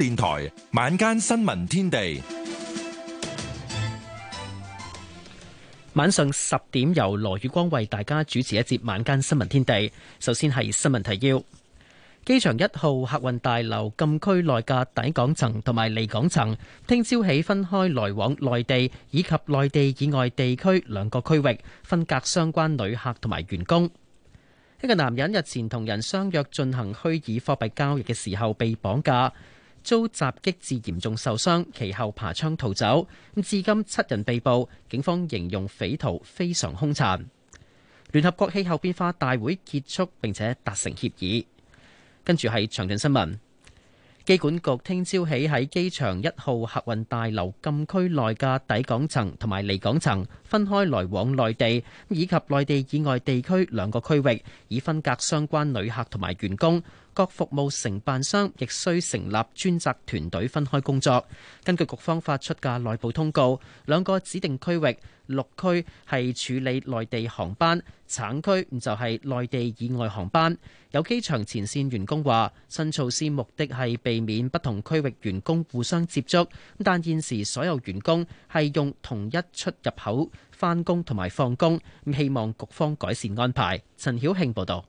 電台晚間新聞天地，晚上十點由羅宇光為大家主持一節晚間新聞天地。首先係新聞提要：機場一號客運大樓禁區內嘅抵港層同埋離港層，聽朝起分開來往內地以及內地以外地區兩個區域，分隔相關旅客同埋員工。一個男人日前同人相約進行虛擬貨幣交易嘅時候，被綁架。遭襲擊致嚴重受傷，其後爬窗逃走。至今七人被捕，警方形容匪徒非常兇殘。聯合國氣候變化大會結束並且達成協議。跟住係詳盡新聞，機管局聽朝起喺機場一號客運大樓禁區內嘅抵港層同埋離港層，分開來往內地以及內地以外地區兩個區域，以分隔相關旅客同埋員工。各服務承辦商亦需成立專責團隊，分開工作。根據局方發出嘅內部通告，兩個指定區域，六區係處理內地航班，橙區咁就係內地以外航班。有機場前線員工話：新措施目的係避免不同區域員工互相接觸。咁但現時所有員工係用同一出入口翻工同埋放工，咁希望局方改善安排。陳曉慶報道。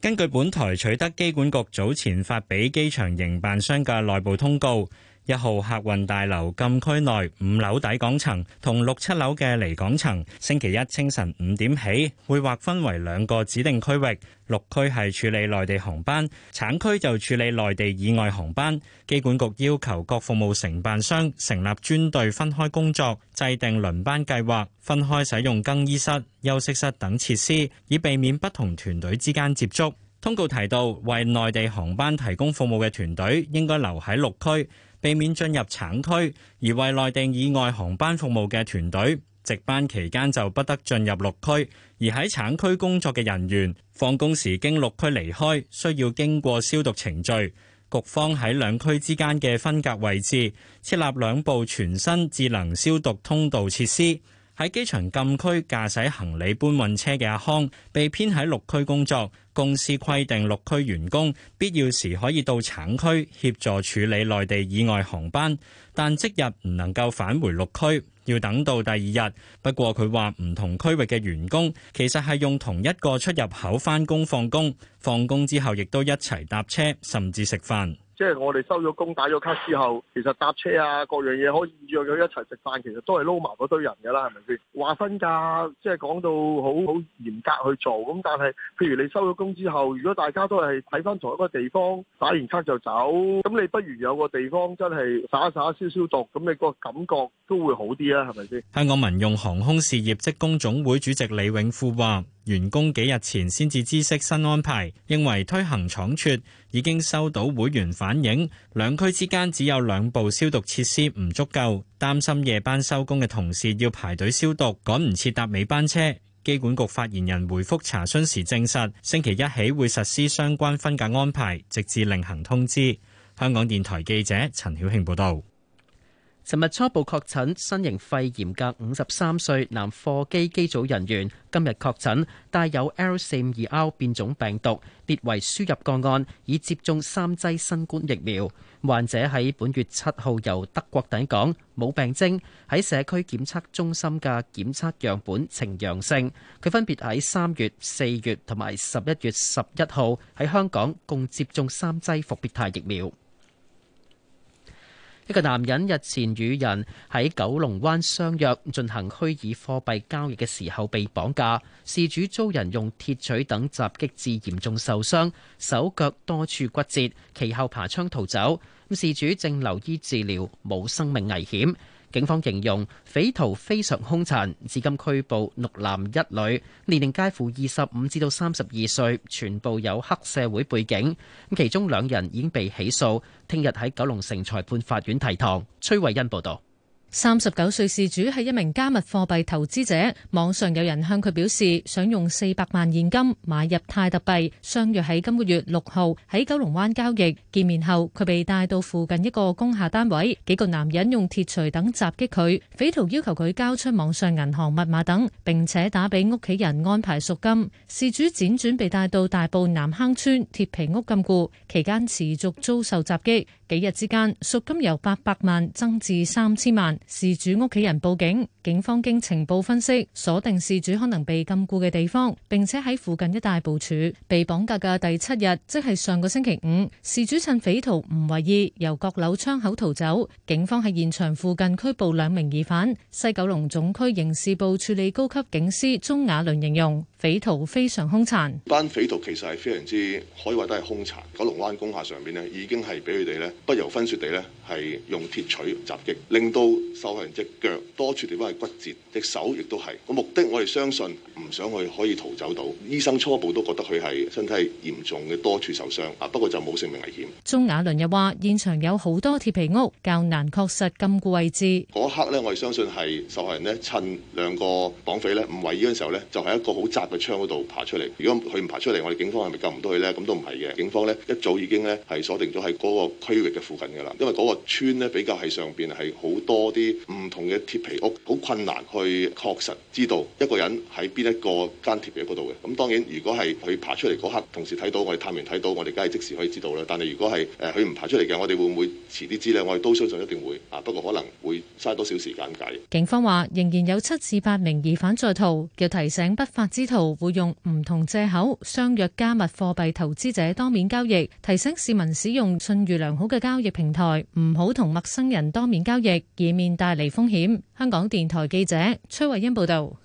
根據本台取得機管局早前發俾機場營辦商嘅內部通告。1 67 6 7樓嘅離港層，星期一，清晨5點起，避免進入橙區，而為內地以外航班服務嘅團隊，值班期間就不得進入綠區；而喺橙區工作嘅人員，放工時經綠區離開，需要經過消毒程序。局方喺兩區之間嘅分隔位置設立兩部全新智能消毒通道設施。喺機場禁區駕駛行李搬運車嘅阿康被編喺六區工作。公司規定六區員工必要時可以到產區協助處理內地以外航班，但即日唔能夠返回六區，要等到第二日。不過佢話唔同區域嘅員工其實係用同一個出入口返工放工，放工之後亦都一齊搭車，甚至食飯。即係我哋收咗工打咗卡之後，其實搭車啊，各樣嘢可以約咗一齊食飯，其實都係撈埋嗰堆人㗎啦，係咪先？話分㗎，即係講到好好嚴格去做，咁但係，譬如你收咗工之後，如果大家都係睇返同一個地方，打完卡就走，咁你不如有個地方真係耍耍消消毒，咁你個感覺都會好啲啊，係咪先？香港民用航空事業職工總會主席李永富話。員工幾日前先至知悉新安排，認為推行倉卒，已經收到會員反映，兩區之間只有兩部消毒設施唔足夠，擔心夜班收工嘅同事要排隊消毒，趕唔切搭尾班車。機管局發言人回覆查詢時，證實星期一起會實施相關分隔安排，直至另行通知。香港電台記者陳曉慶報道。尋日初步確診新型肺炎嘅53歲男貨機機組人員今日確診帶有 L452R 變種病毒，列為輸入個案，已接種三劑新冠疫苗。患者喺本月7日由德國抵港冇病徵，在社區檢測中心的檢測樣本呈陽性。佢分別在3月、4月同埋11月11號喺香港共接種三劑復必泰疫苗。一個男人日前與人喺九龍灣相約進行虛擬貨幣交易嘅時候被綁架，事主遭人用鐵錘等襲擊致嚴重受傷，手腳多處骨折，其後爬窗逃走。事主正留醫治療，冇生命危險。警方形容匪徒非常凶殘，至今拘捕六男一女，年齡介乎二十五至到三十二歲，全部有黑社會背景。其中兩人已經被起訴，聽日喺九龍城裁判法院提堂。崔慧欣報道。三十九歲事主係一名加密貨幣投資者，網上有人向佢表示想用四百萬現金買入泰特幣，相約喺今個月六號喺九龍灣交易。見面後，佢被帶到附近一個工廈單位，幾個男人用鐵錘等襲擊佢，匪徒要求佢交出網上銀行密碼等，並且打俾屋企人安排贖金。事主輾轉被帶到大埔南坑村鐵皮屋禁錮，期間持續遭受襲擊。幾日之間贖金由八百萬增至三千萬，事主屋企人報警，警方經情報分析鎖定事主可能被禁錮嘅地方，並且喺附近一帶部署。被綁架嘅第七日，即係上個星期五，事主趁匪徒唔為意，由閣樓窗口逃走。警方喺現場附近拘捕兩名疑犯。西九龍總區刑事部處理高級警司鍾亞倫形容。匪徒非常兇殘，班匪徒其實係非常之可以話都係兇殘。九龍灣工廈上面咧，已經係俾佢哋咧不由分說地咧。係用鐵錘襲擊，令到受害人隻腳多處地方係骨折，隻手亦都係個目的。我哋相信唔想佢可以逃走到，到醫生初步都覺得佢係身體嚴重嘅多處受傷，啊不過就冇性命危險。鍾亞倫又話：現場有好多鐵皮屋，較難確實禁錮位置。嗰一刻呢，我哋相信係受害人呢趁兩個綁匪呢唔為意嗰陣時候呢，就喺、是、一個好窄嘅窗嗰度爬出嚟。如果佢唔爬出嚟，我哋警方係咪救唔到佢呢？咁都唔係嘅。警方呢一早已經呢係鎖定咗喺嗰個區域嘅附近㗎啦，因為嗰、那個。村呢比較係上邊係好多啲唔同嘅鐵皮屋，好困難去確實知道一個人喺邊一個間鐵皮屋度嘅。咁當然，如果係佢爬出嚟嗰刻，同時睇到我哋探員睇到，我哋梗係即時可以知道啦。但係如果係誒佢唔爬出嚟嘅，我哋會唔會遲啲知呢？我哋都相信一定會啊，不過可能會嘥多少時間解。警方話仍然有七至八名疑犯在逃，要提醒不法之徒會用唔同藉口相約加密貨幣投資者當面交易，提醒市民使用信譽良好嘅交易平台，唔。唔好同陌生人當面交易，以免帶嚟風險。香港電台記者崔慧欣報道：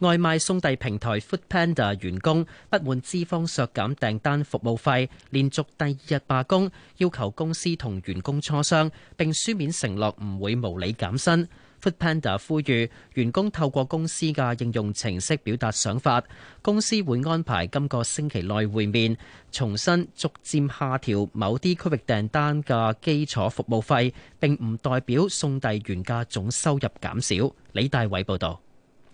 外賣送遞平台 Foodpanda 員工不滿資方削減訂單服務費，連續第二日罷工，要求公司同員工磋商，並書面承諾唔會無理減薪。Foodpanda 呼籲員工透過公司嘅應用程式表達想法，公司會安排今個星期內會面，重新逐漸下調某啲區域訂單嘅基礎服務費，並唔代表送遞員嘅總收入減少。李大偉報導。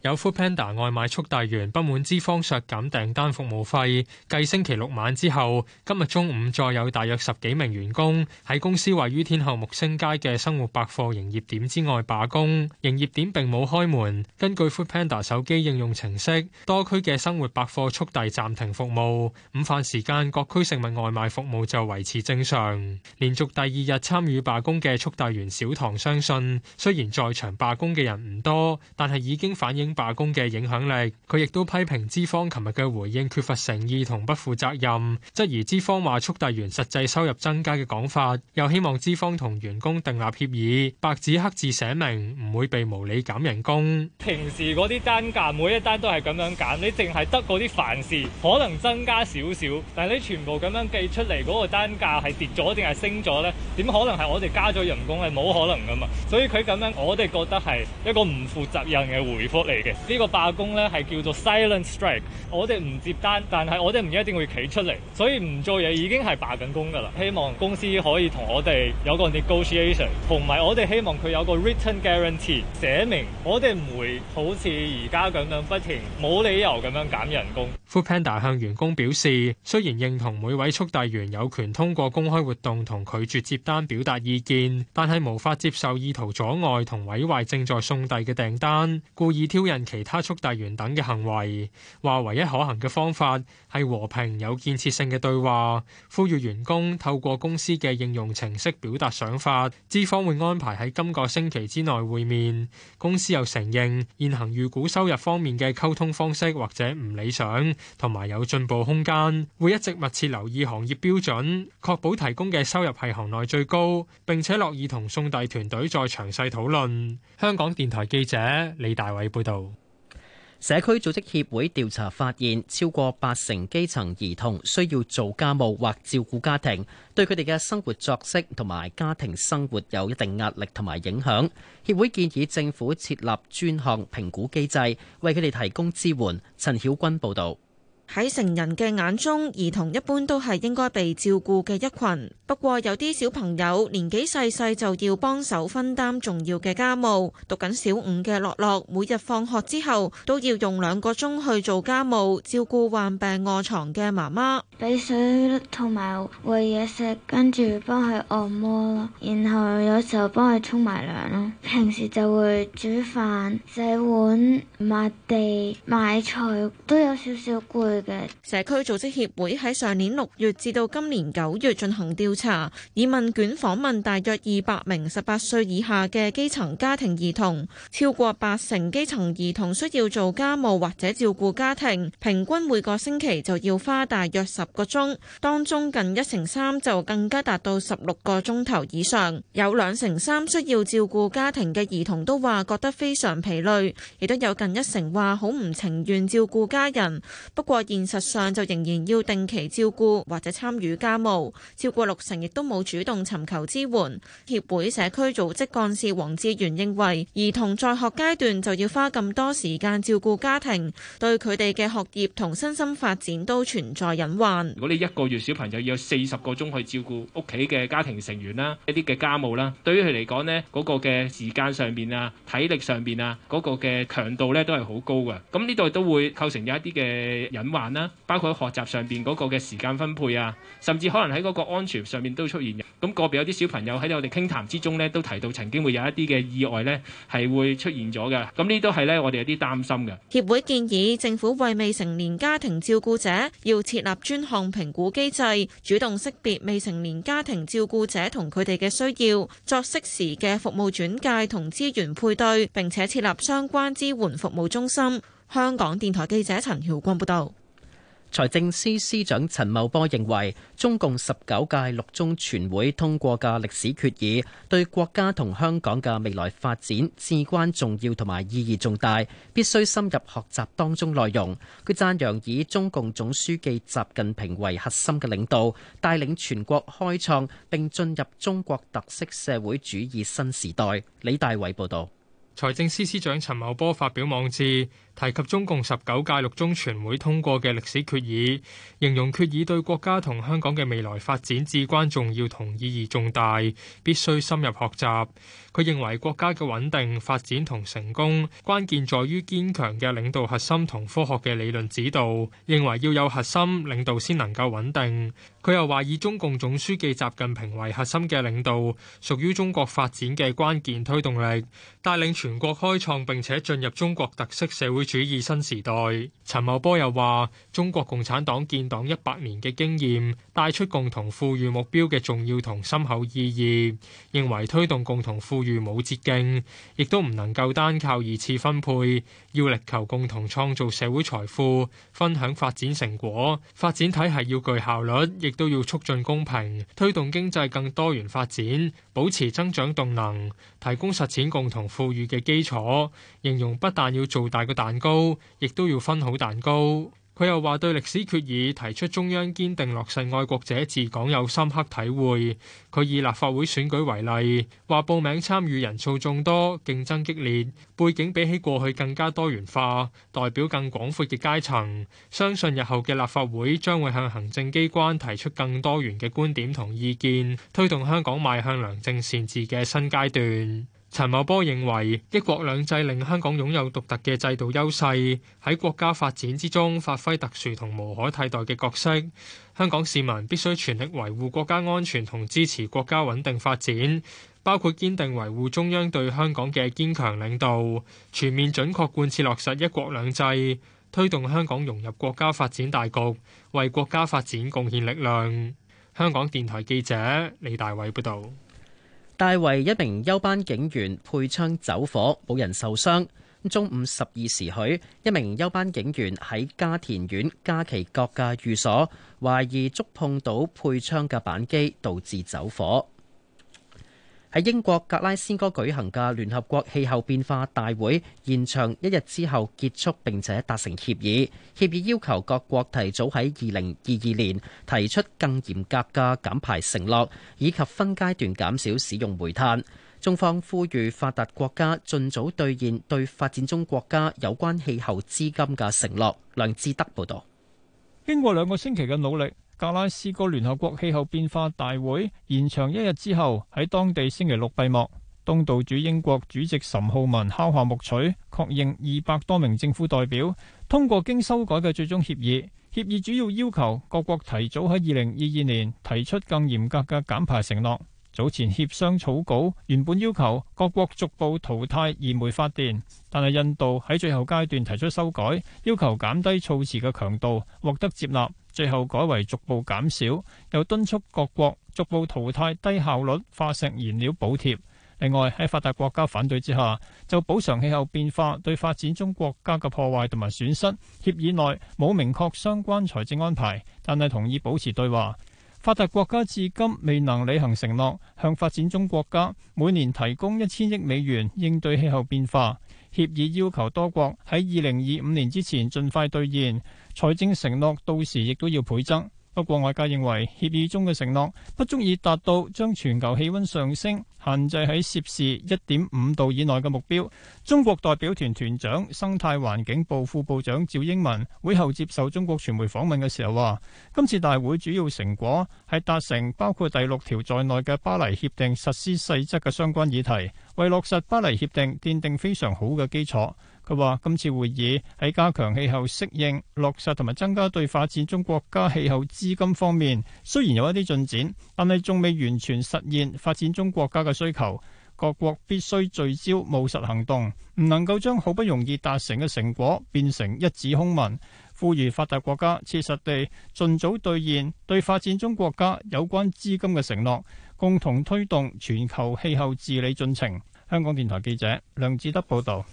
有 Foodpanda 外賣速遞員不滿資方削減訂單服務費，繼星期六晚之後，今日中午再有大約十幾名員工喺公司位於天后木星街嘅生活百貨營業點之外罷工，營業點並冇開門。根據 Foodpanda 手機應用程式，多區嘅生活百貨速遞暫停服務。午飯時間，各區食物外賣服務就維持正常。連續第二日參與罷工嘅速遞員小唐相信，雖然在場罷工嘅人唔多，但係已經反映，罷工嘅影響力，佢亦都批評資方琴日嘅回應缺乏誠意同不負責任，質疑資方話速遞員實際收入增加嘅講法，又希望資方同員工訂立協議，白紙黑字寫明唔會被無理減人工。平時嗰啲單價每一單都係咁樣減，你淨係得嗰啲凡事可能增加少少，但係你全部咁樣計出嚟嗰個單價係跌咗定係升咗呢？點可能係我哋加咗人工？係冇可能噶嘛？所以佢咁樣，我哋覺得係一個唔負責任嘅回覆嚟。呢個罷工咧係叫做 silent strike。我哋唔接單，但係我哋唔一定會企出嚟，所以唔做嘢已經係罷緊工㗎啦。希望公司可以同我哋有個 negotiation，同埋我哋希望佢有個 written guarantee 寫明我哋唔會好似而家咁樣不停冇理由咁樣減人工。foodpanda 向員工表示，雖然認同每位速遞員有權通過公開活動同拒絕接單表達意見，但係無法接受意圖阻礙同毀壞正在送遞嘅訂單，故意挑人其他速遞員等嘅行為，話唯一可行嘅方法係和平有建設性嘅對話，呼籲員工透過公司嘅應用程式表達想法。資方會安排喺今個星期之內會面。公司又承認現行預估收入方面嘅溝通方式或者唔理想，同埋有進步空間，會一直密切留意行業標準，確保提供嘅收入係行內最高，並且樂意同送遞團隊再詳細討論。香港電台記者李大偉報道。社區組織協會調查發現，超過八成基層兒童需要做家務或照顧家庭，對佢哋嘅生活作息同埋家庭生活有一定壓力同埋影響。協會建議政府設立專項評估機制，為佢哋提供支援。陳曉君報導。喺成人嘅眼中，兒童一般都係應該被照顧嘅一群。不過有啲小朋友年紀細細就要幫手分擔重要嘅家務。讀緊小五嘅樂樂，每日放學之後都要用兩個鐘去做家務，照顧患病臥床嘅媽媽。俾水同埋餵嘢食，跟住幫佢按摩啦，然後有時候幫佢沖埋涼咯。平時就會煮飯、洗碗、抹地、買菜，都有少少攰。社區組織協會喺上年六月至到今年九月進行調查，以問卷訪問大約二百名十八歲以下嘅基層家庭兒童，超過八成基層兒童需要做家務或者照顧家庭，平均每個星期就要花大約十個鐘，當中近一成三就更加達到十六個鐘頭以上。有兩成三需要照顧家庭嘅兒童都話覺得非常疲累，亦都有近一成話好唔情願照顧家人。不過，現實上就仍然要定期照顧或者參與家務，超過六成亦都冇主動尋求支援。協會社區組織幹事黃志源認為，兒童在學階段就要花咁多時間照顧家庭，對佢哋嘅學業同身心發展都存在隱患。如果你一個月小朋友要有四十個鐘去照顧屋企嘅家庭成員啦，一啲嘅家務啦，對於佢嚟講呢，嗰個嘅時間上邊啊，體力上邊啊，嗰個嘅強度呢都係好高嘅。咁呢度都會構成有一啲嘅隱。慢啦，包括喺學習上邊嗰個嘅時間分配啊，甚至可能喺嗰個安全上面都出現。咁個別有啲小朋友喺我哋傾談之中呢，都提到曾經會有一啲嘅意外呢，係會出現咗嘅。咁呢都係呢，我哋有啲擔心嘅。協會建議政府為未成年家庭照顧者要設立專項評估機制，主動識別未成年家庭照顧者同佢哋嘅需要，作適時嘅服務轉介同資源配對，並且設立相關支援服務中心。香港電台記者陳曉光報道。財政司司長陳茂波認為，中共十九屆六中全會通過嘅歷史決議，對國家同香港嘅未來發展至關重要，同埋意義重大，必須深入學習當中內容。佢讚揚以中共總書記習近平為核心嘅領導，帶領全國開創並進入中國特色社會主義新時代。李大偉報道。財政司司長陳茂波發表網誌。提及中共十九屆六中全會通過嘅歷史決議，形容決議對國家同香港嘅未來發展至關重要同意義重大，必須深入學習。佢認為國家嘅穩定發展同成功，關鍵在於堅強嘅領導核心同科學嘅理論指導，認為要有核心領導先能夠穩定。佢又話以中共總書記習近平為核心嘅領導屬於中國發展嘅關鍵推動力，帶領全國開創並且進入中國特色社會主義新時代，陳茂波又話：中國共產黨建黨一百年嘅經驗，帶出共同富裕目標嘅重要同深厚意義。認為推動共同富裕冇捷徑，亦都唔能夠單靠二次分配，要力求共同創造社會財富，分享發展成果。發展體係要具效率，亦都要促進公平，推動經濟更多元發展，保持增長動能，提供實踐共同富裕嘅基礎。形容不但要做大個蛋糕，亦都要分好蛋糕。佢又話對歷史決議提出中央堅定落實愛國者治港有深刻體會。佢以立法會選舉為例，話報名參與人數眾多，競爭激烈，背景比起過去更加多元化，代表更廣闊嘅階層。相信日後嘅立法會將會向行政機關提出更多元嘅觀點同意見，推動香港邁向良政善治嘅新階段。陳茂波認為，一國兩制令香港擁有獨特嘅制度優勢，喺國家發展之中發揮特殊同無可替代嘅角色。香港市民必須全力維護國家安全同支持國家穩定發展，包括堅定維護中央對香港嘅堅強領導，全面準確貫徹落實一國兩制，推動香港融入國家發展大局，為國家發展貢獻力量。香港電台記者李大偉報道。大圍一名休班警員配槍走火，冇人受傷。中午十二時許，一名休班警員喺嘉田苑嘉其閣嘅寓所，懷疑觸碰到配槍嘅扳機，導致走火。喺英國格拉斯哥舉行嘅聯合國氣候變化大會，延長一日之後結束，並且達成協議。協議要求各國提早喺二零二二年提出更嚴格嘅減排承諾，以及分階段減少使用煤炭。中方呼籲發達國家盡早兌現對發展中國家有關氣候資金嘅承諾。梁志德報道，經過兩個星期嘅努力。格拉斯哥聯合國氣候變化大會延長一日之後喺當地星期六閉幕。東道主英國主席岑浩文敲下木槌，確認二百多名政府代表通過經修改嘅最終協議。協議主要要求各國提早喺二零二二年提出更嚴格嘅減排承諾，早前協商草稿原本要求各國逐步淘汰燃煤發電，但係印度喺最後階段提出修改，要求減低措辭嘅強度，獲得接納。最後改為逐步減少，又敦促各國逐步淘汰低效率化石燃料補貼。另外，喺發達國家反對之下，就補償氣候變化對發展中國家嘅破壞同埋損失，協議內冇明確相關財政安排，但係同意保持對話。發達國家至今未能履行承諾，向發展中國家每年提供一千億美元應對氣候變化。協議要求多國喺二零二五年之前盡快兌現財政承諾，到時亦都要倍增。不過外界認為協議中嘅承諾不足以達到將全球氣溫上升限制喺攝氏一點五度以內嘅目標，中國代表團團長，生態環境部副部長趙英民，會後接受中國傳媒訪問嘅時候話，今次大會主要成果係達成包括第六條在內嘅《巴黎協定》實施細則嘅相關議題，為落實《巴黎協定》奠定非常好嘅基礎。佢話：今次會議喺加強氣候適應、落實同埋增加對發展中國家氣候資金方面，雖然有一啲進展，但係仲未完全實現發展中國家嘅需求。各國必須聚焦務實行動，唔能夠將好不容易達成嘅成果變成一紙空文。呼籲發達國家切實地盡早兌現對發展中國家有關資金嘅承諾，共同推動全球氣候治理進程。香港電台記者梁志德報道。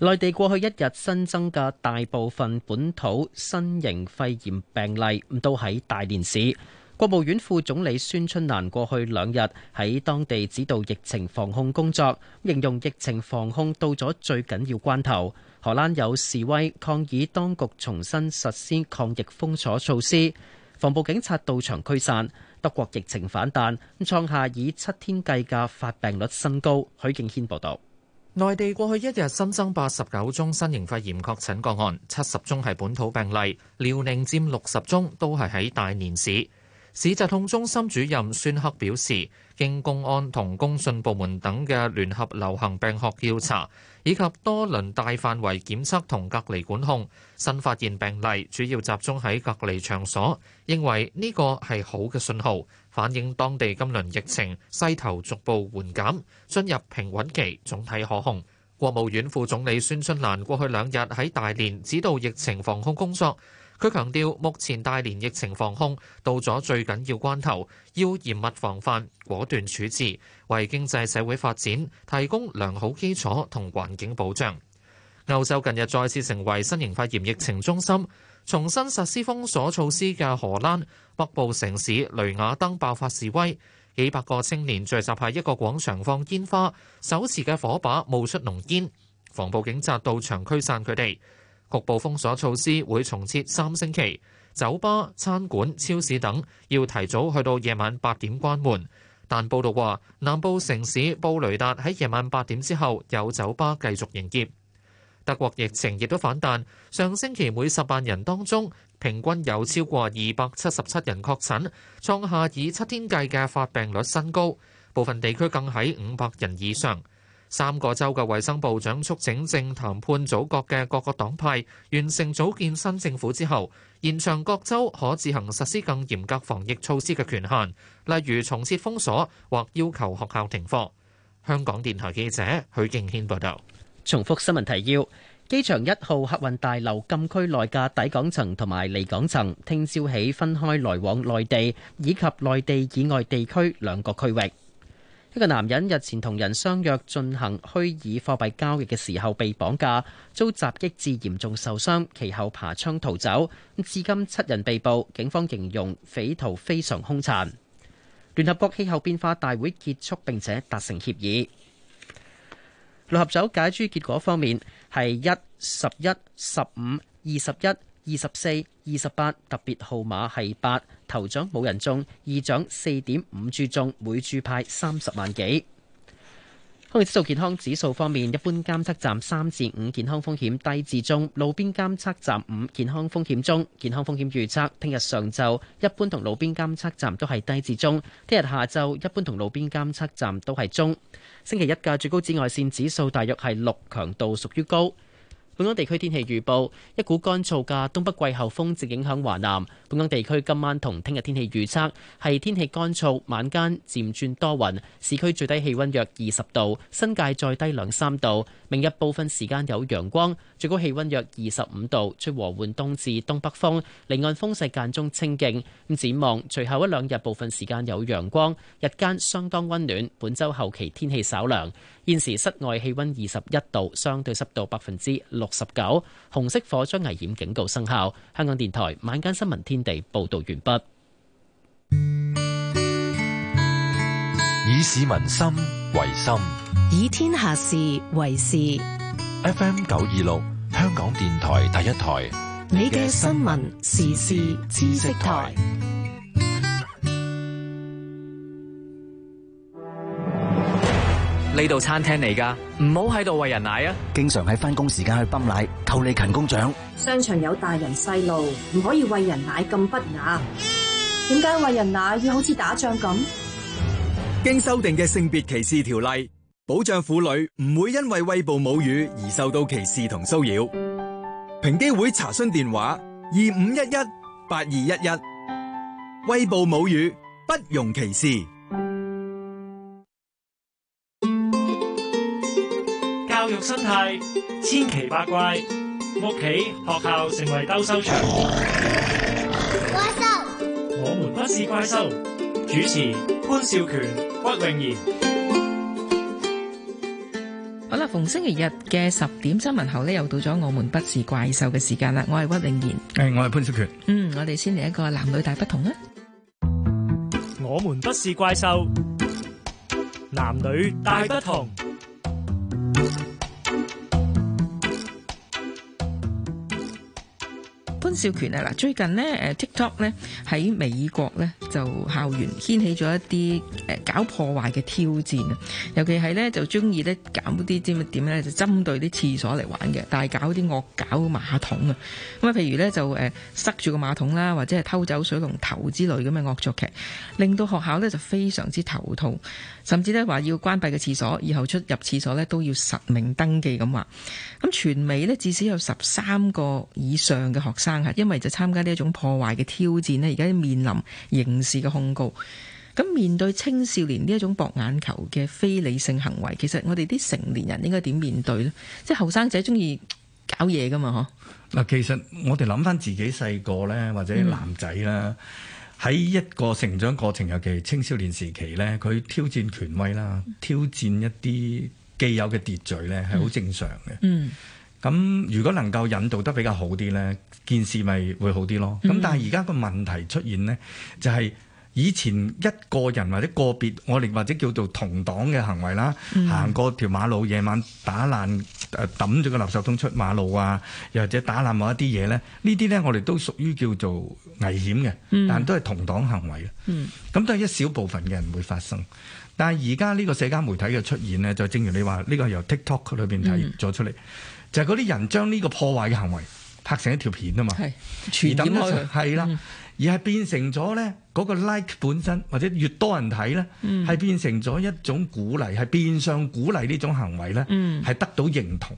內地過去一日新增嘅大部分本土新型肺炎病例，都喺大連市。國務院副總理孫春蘭過去兩日喺當地指導疫情防控工作，形容疫情防控到咗最緊要關頭。荷蘭有示威抗議當局重新實施抗疫封鎖措施，防暴警察到場驅散。德國疫情反彈，創下以七天計嘅發病率新高。許敬軒報導。內地過去一日新增八十九宗新型肺炎確診個案，七十宗係本土病例，遼寧佔六十宗，都係喺大連市。市疾控中心主任孫克表示，經公安同工信部門等嘅聯合流行病學調查，以及多輪大範圍檢測同隔離管控，新發現病例主要集中喺隔離場所，認為呢個係好嘅信號。反映當地今輪疫情勢頭逐步緩減，進入平穩期，總體可控。國務院副總理孫春蘭過去兩日喺大連指導疫情防控工作。佢強調，目前大連疫情防控到咗最緊要關頭，要嚴密防範，果斷處置，為經濟社會發展提供良好基礎同環境保障。歐洲近日再次成為新型肺炎疫情中心。重新實施封鎖措施嘅荷蘭北部城市雷亞登爆發示威，幾百個青年聚集喺一個廣場放煙花，手持嘅火把冒出濃煙，防暴警察到場驅散佢哋。局部封鎖措施會重設三星期，酒吧、餐館、超市等要提早去到夜晚八點關門。但報道話，南部城市布雷達喺夜晚八點之後有酒吧繼續營業。德國疫情亦都反彈，上星期每十萬人當中平均有超過二百七十七人確診，創下以七天計嘅發病率新高。部分地區更喺五百人以上。三個州嘅衛生部長促請正談判組閣嘅各個黨派完成組建新政府之後，延長各州可自行實施更嚴格防疫措施嘅權限，例如重設封鎖或要求學校停課。香港電台記者許敬軒報道。重複新聞提要：機場一號客運大樓禁區內嘅抵港層同埋離港層，聽朝起分開來往內地以及內地以外地區兩個區域。一個男人日前同人相約進行虛擬貨幣交易嘅時候被綁架，遭襲擊致嚴重受傷，其後爬窗逃走。至今七人被捕，警方形容匪徒非常凶殘。聯合國氣候變化大會結束並且達成協議。六合彩攪珠結果方面係一、十一、十五、二十一、二十四、二十八，特別號碼係八，頭獎冇人中，二獎四點五注中，每注派三十萬幾。空氣質素健康指數方面，一般監測站三至五健康風險低至中，路邊監測站五健康風險中。健康風險預測聽日上晝一般同路邊監測站都係低至中，聽日下晝一般同路邊監測站都係中。星期一嘅最高紫外線指數大約係六，強度屬於高。本港地區天氣預報，一股乾燥嘅東北季候風直影響華南。本港地區今晚同聽日天氣預測係天氣乾燥，晚間漸轉多雲，市區最低氣温約二十度，新界再低兩三度。明日部分時間有陽光，最高氣温約二十五度，吹和緩東至東北風，離岸風勢間中清勁。咁展望，隨後一兩日部分時間有陽光，日間相當温暖。本週後期天氣稍涼。現時室外氣溫二十一度，相對濕度百分之六十九，紅色火災危險警告生效。香港電台晚間新聞天地報道完畢。以市民心為心，以天下事為事。FM 九二六，香港電台第一台，你嘅新聞、時事、知識台。呢度餐廳嚟㗎，唔好喺度餵人奶啊！經常喺返工時間去泵奶，扣你勤工獎。商場有大人細路，唔可以餵人奶咁不雅。點解餵人奶要好似打仗咁？經修訂嘅性別歧視條例保障婦女唔會因為餵哺母乳而受到歧視同騷擾。平機會查詢電話：二五一一八二一一。餵哺母乳不容歧視。生態千奇百怪，屋企學校成為鬥獸場。怪獸，我們不是怪獸。主持潘少權、屈穎妍。好啦，逢星期日嘅十點新聞後呢，又到咗我們不是怪獸嘅時間啦。我係屈穎妍，誒，我係潘少權。嗯，我哋先嚟一個男女大不同啦。我們不是怪獸，男女大不同。潘少權啊，嗱最近咧，誒 TikTok 咧喺美國咧就校園掀起咗一啲誒搞破壞嘅挑戰啊，尤其係咧就中意咧搞啲啲乜點咧，就針對啲廁所嚟玩嘅，但係搞啲惡搞馬桶啊，咁啊譬如咧就誒塞住個馬桶啦，或者係偷走水龍頭之類咁嘅惡作劇，令到學校咧就非常之頭痛，甚至咧話要關閉嘅廁所，以後出入廁所咧都要實名登記咁話。咁全美咧至少有十三個以上嘅學生。因為就參加呢一種破壞嘅挑戰咧，而家面臨刑事嘅控告。咁面對青少年呢一種博眼球嘅非理性行為，其實我哋啲成年人應該點面對咧？即係後生仔中意搞嘢噶嘛？嗬。嗱，其實我哋諗翻自己細個呢，或者男仔啦，喺、嗯、一個成長過程，尤其係青少年時期呢，佢挑戰權威啦，挑戰一啲既有嘅秩序呢，係好正常嘅。嗯。嗯咁如果能夠引導得比較好啲呢，件事咪會好啲咯。咁、嗯、但係而家個問題出現呢，就係、是、以前一個人或者個別我哋或者叫做同黨嘅行為啦，行、嗯、過條馬路夜晚打爛誒抌咗個垃圾桶出馬路啊，又或者打爛某一啲嘢呢，呢啲呢，我哋都屬於叫做危險嘅，但都係同黨行為啊。咁、嗯嗯、都係一小部分嘅人會發生，但係而家呢個社交媒體嘅出現呢，就正如你話，呢、個係由 TikTok 裏面睇咗出嚟。嗯就係嗰啲人將呢個破壞嘅行為拍成一條片啊嘛，傳染開啦，而係、嗯、變成咗咧嗰個 like 本身，或者越多人睇咧，係、嗯、變成咗一種鼓勵，係變相鼓勵呢種行為咧，係得到認同。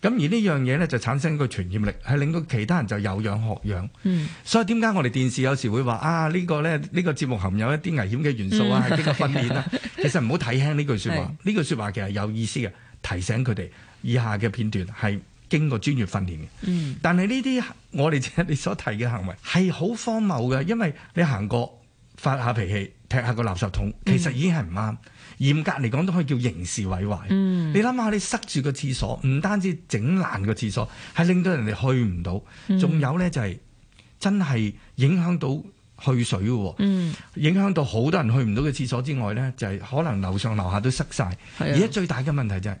咁、嗯、而呢樣嘢咧就產生一個傳染力，係令到其他人就有樣學樣。嗯、所以點解我哋電視有時會話啊、呢個、呢個咧呢個節目含有一啲危險嘅元素啊，係呢個訓練啊？ 其實唔好睇輕呢句説話，呢句説話其實有意思嘅，提醒佢哋。以下嘅片段係經過專業訓練嘅、嗯，但係呢啲我哋你所提嘅行為係好荒謬嘅，因為你行過發下脾氣踢下個垃圾桶，嗯、其實已經係唔啱。嚴格嚟講都可以叫刑事毀壞。嗯、你諗下，你塞住個廁所，唔單止整爛個廁所，係令到人哋去唔到，仲有咧就係、是、真係影響到去水嘅、嗯。影響到好多人去唔到嘅廁所之外咧，就係、是、可能樓上樓下都塞晒。而家最大嘅問題就係、是、呢、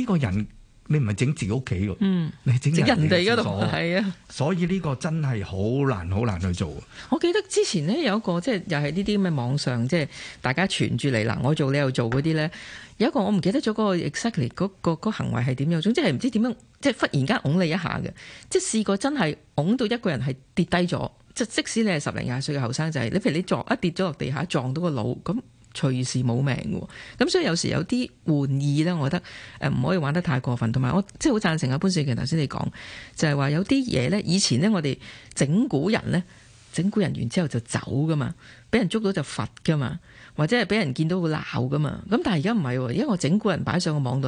呢個人。你唔係整自己屋企喎，你整人哋嗰度係啊，所以呢個真係好難好難去做。 我記得之前咧有一個即係、就是、又係呢啲咁嘅網上，即、就、係、是、大家傳住嚟嗱，我做你又做嗰啲咧。有一個我唔記得咗嗰、那個 exactly 嗰、那個那個行為係點樣的，總之係唔知點樣，即係忽然間擁你一下嘅。即係試過真係擁到一個人係跌低咗，即即使你係十零廿歲嘅後生仔，你譬如你撞一跌咗落地下，撞到個腦咁。隨時冇命嘅喎，咁所以有時有啲玩意咧，我覺得誒唔可以玩得太過分，同埋我即係好贊成阿潘少琪頭先你講，就係話有啲嘢咧，以前咧我哋整蠱人咧，整蠱人完之後就走嘅嘛，俾人捉到就罰嘅嘛，或者係俾人見到鬧嘅嘛，咁但係而家唔係，因為我整蠱人擺上個網。